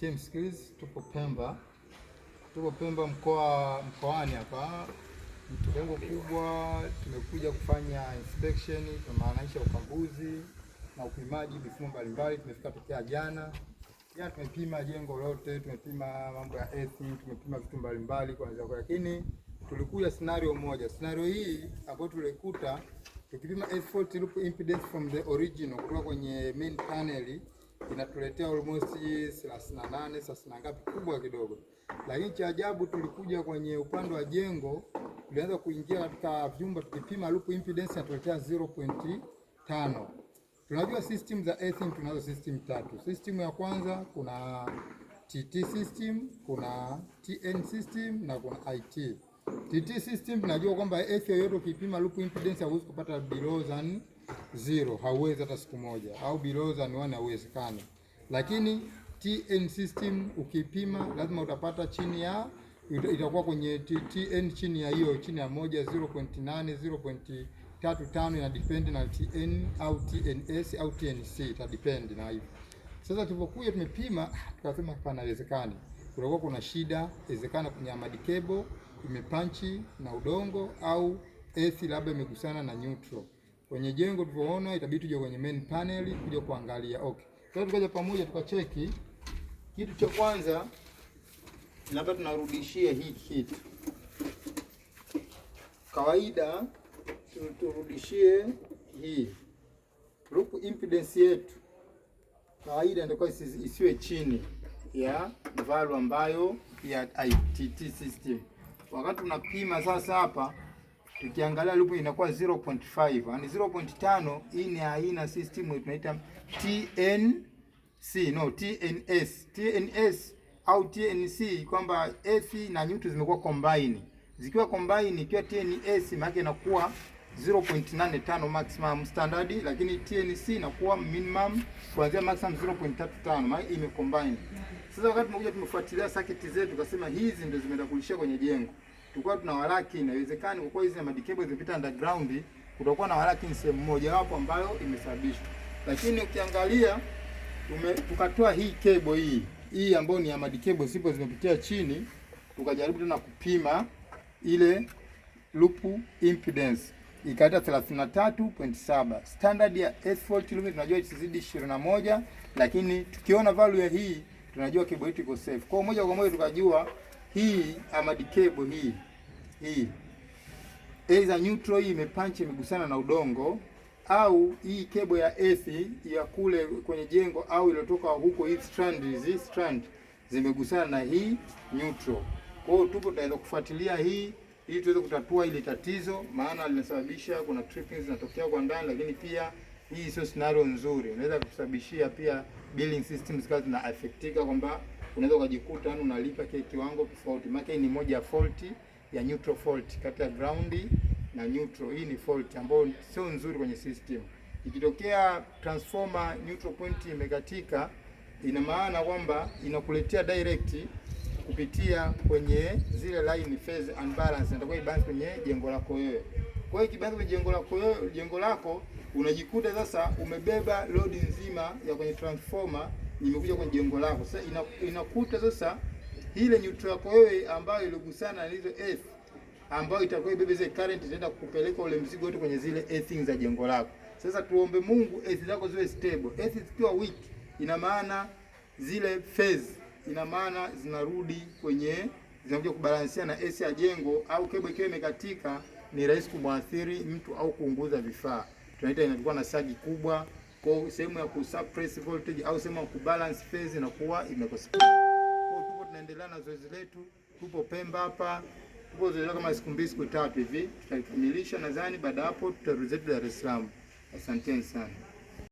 Team Skills tupo Pemba, tupo Pemba mkoa mkoani hapa. Lengo kubwa tumekuja kufanya inspection, tunamaanisha ukaguzi na upimaji mifumo mbalimbali. Tumefika tokea jana jana, tumepima jengo lote, tumepima mambo ya ethi, tumepima vitu mbalimbali kwanza, lakini tulikuja scenario moja. Scenario hii ambayo tulikuta tukipima S40 loop impedance from the original kutoka kwenye main panel inatuletea almost 38 30 ngapi, kubwa kidogo. Lakini cha ajabu tulikuja kwenye upande wa jengo, tulianza kuingia katika vyumba, tukipima loop impedance inatuletea 0.5. Tunajua system za earthing, tunazo system tatu. System ya kwanza kuna TT system, kuna TN system na kuna IT. TT system tunajua kwamba earth yoyote ukipima loop impedance hauwezi kupata below than zero, hauwezi hata siku moja, au below than one hauwezekani. Lakini TN system ukipima lazima utapata chini ya itakuwa kwenye TN chini ya hiyo chini ya moja 0.8 0.35 ina depend na TN au TNS au TNC ita depend na hivyo. Sasa tulipokuja tumepima tukasema hapana, haiwezekani, kutakuwa kuna shida, inawezekana kwenye amadi madikebo imepanchi na udongo au ethi labda imegusana na neutral kwenye jengo tulivyoona, itabidi tuje kwenye main panel kuja kuangalia. Okay, kwa tukaja pamoja tukacheki. Kitu cha kwanza labda tunarudishia hii kitu kawaida, turudishie hii group impedance yetu kawaida ndio isiwe chini ya value ambayo ya ITT system. Wakati tunapima sasa hapa tukiangalia loop inakuwa 0.5 yani 0.5. Hii ni aina system tunaita TNC no TNS, TNS au TNC, kwamba AC na nyutu zimekuwa combine, zikiwa combine ikiwa TNS maana inakuwa 0.85 maximum standard, lakini TNC inakuwa minimum kuanzia maximum 0.35, maana imecombine. Sasa wakati tumekuja tumefuatilia circuit zetu, tukasema hizi ndio zimeenda kulishia kwenye jengo tulikuwa tuna walaki, inawezekana kwa kuwa hizi madikebo zimepita underground, kutakuwa na walaki ni sehemu moja wapo ambayo imesababishwa. Lakini ukiangalia tukatoa hii kebo hii hii ambayo ni ya madikebo sipo zimepitia chini, tukajaribu tena kupima ile loop impedance ikaita 33.7 standard ya S4 tunajua tunajua itazidi 21, lakini tukiona value ya hii tunajua kebo yetu iko safe. Kwa moja kwa moja tukajua hii amadikebo hii hii aidha neutral hii imepanchi imegusana na udongo au hii kebo ya ethi ya kule kwenye jengo au iliyotoka huko, hii strand hizi strand zimegusana na hii neutral. Kwa hiyo tupo tunaweza kufuatilia hii ili tuweze kutatua ile tatizo, maana linasababisha kuna trippings zinatokea kwa ndani, lakini pia hii sio scenario nzuri, inaweza kusababishia pia billing systems kazi na affectika kwamba unaweza ukajikuta yani unalipa kile kiwango tofauti, maana ni moja ya fault ya neutral fault kati ya ground na neutral. Hii ni fault ambayo sio nzuri kwenye system. Ikitokea transformer neutral point imekatika, ina maana kwamba inakuletea direct kupitia kwenye zile line phase unbalance, ndio ibansi kwenye jengo lako wewe. Kwa hiyo kibansi kwenye jengo lako wewe, jengo lako unajikuta sasa umebeba load nzima ya kwenye transformer nimekuja kwenye jengo lako. Sasa ina, inakuta sasa ile neutral yako wewe ambayo iligusana na hizo earth ambayo itakuwa ibebe zile current itaenda kukupeleka ule mzigo wote kwenye zile earthing za jengo lako. Sasa tuombe Mungu earth zako ziwe stable. Earth zikiwa weak ina maana zile phase ina maana zinarudi kwenye zinakuja kubalansia na earth ya jengo au kebo ikiwa imekatika ni rahisi kumwathiri mtu au kuunguza vifaa. Tunaita inakuwa na sagi kubwa kwa sehemu ya kusuppress voltage au sehemu ya kubalance phase na kuwa imekosekana. Kwa tupo tunaendelea na zoezi letu, tupo Pemba hapa, tupo zoezi kama siku mbili siku tatu hivi tutakamilisha, nadhani baada hapo tutarudi Dar es Salaam. Asanteni sana.